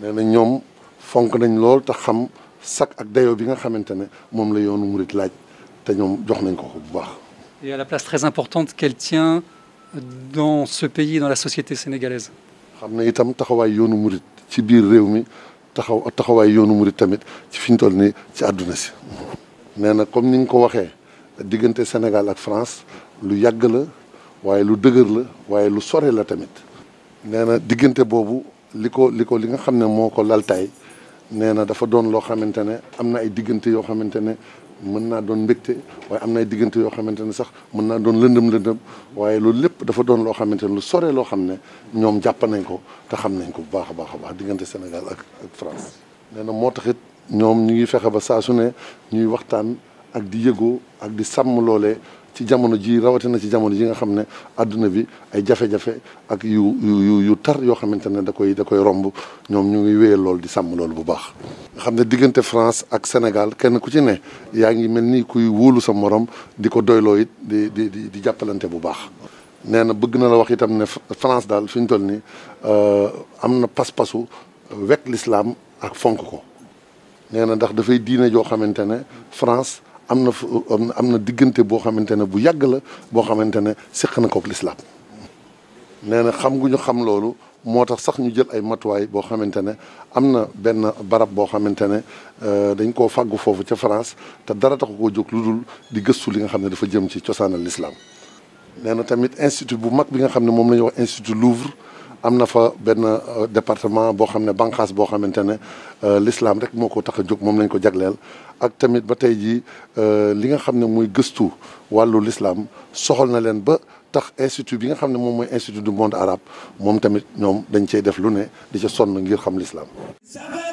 na ñoom fonk nañ lool tax xam sac ak dayo bi nga xamante ne moom u yoonu murit laaj te ñoom jox nañ ko ko bu baax. et à la place très importante qu'elle tient dans ce pays dans la société sénégalaise. xam ne itam taxawaay yoonu murit ci biir réew mi taxaw taxawaay yoonu murit tamit ci fi ñu toll nii ci àdduna si. nee na comme ni nga ko waxee diggante Sénégal ak France lu yàgg la waaye lu dëgër la waaye lu sore la tamit. nee na diggante boobu li ko li ko li nga xam ne moo ko laltaay. nee na dafa doon loo xamante ne am na ay diggante yoo xamante ne mën naa doon mbégte waaye am na ay diggante yoo xamante ne sax mën naa doon lëndëm lëndëm waaye loolu lépp dafa doon loo xamante ne lu soree loo xam ne ñoom jàpp nañ ko te xam nañ ko bu baax a baax a baax diggante Sénégal ak ak France nee na moo taxit ñoom ñu ngi fexe ba saa su ne ñuy waxtaan ak di yëgoo ak di sàmm loolee ci jamono ji rawatina ci jamono ji nga xam ne àdduna bi ay jafe-jafe ak yu yu yu tar yoo xamante ne da koy da koy romb ñoom ñu ngi wéyal lool di sàmm loolu bu baax. nga xam ne diggante France ak Sénégal kenn ku ci ne yaa ngi mel ni kuy wóolu sa morom di ko doyloo it di di di di jàppalante bu baax. nee na bëgg na la wax itam ne France daal fi ñu toll nii euh, am na pas-pasu wekk lislaam ak fonk ko nee ndax dafay diine joo xamante ne France. am na fu am na diggante boo xamante ne bu yàgg la boo xamante ne seq na kook lislaam nee na xam gu ñu xam loolu moo tax sax ñu jël ay matuwaay boo xamante ne am na benn barab boo xamante ne euh, dañ koo fàggu foofu ca France te dara taxu koo jóg lu dul di gëstu li nga xam ne dafa jëm ci cosaanal lislaam nee na tamit institut bu mag bi nga xam ne moom la ñuy wax institut Louvre am na fa benn euh, département boo xam ne bànqaas boo xamante ne euh, lislaam rek moo ko tax a jóg moom lañ ko jagleel ak tamit ba tey jii euh, li nga xam ne muy gëstu wàllu lislaam soxol na leen ba tax institut bi nga xam ne moom mooy institut du monde arabe moom tamit ñoom dañ cee def lu ne di ca sonn ngir xam lislaam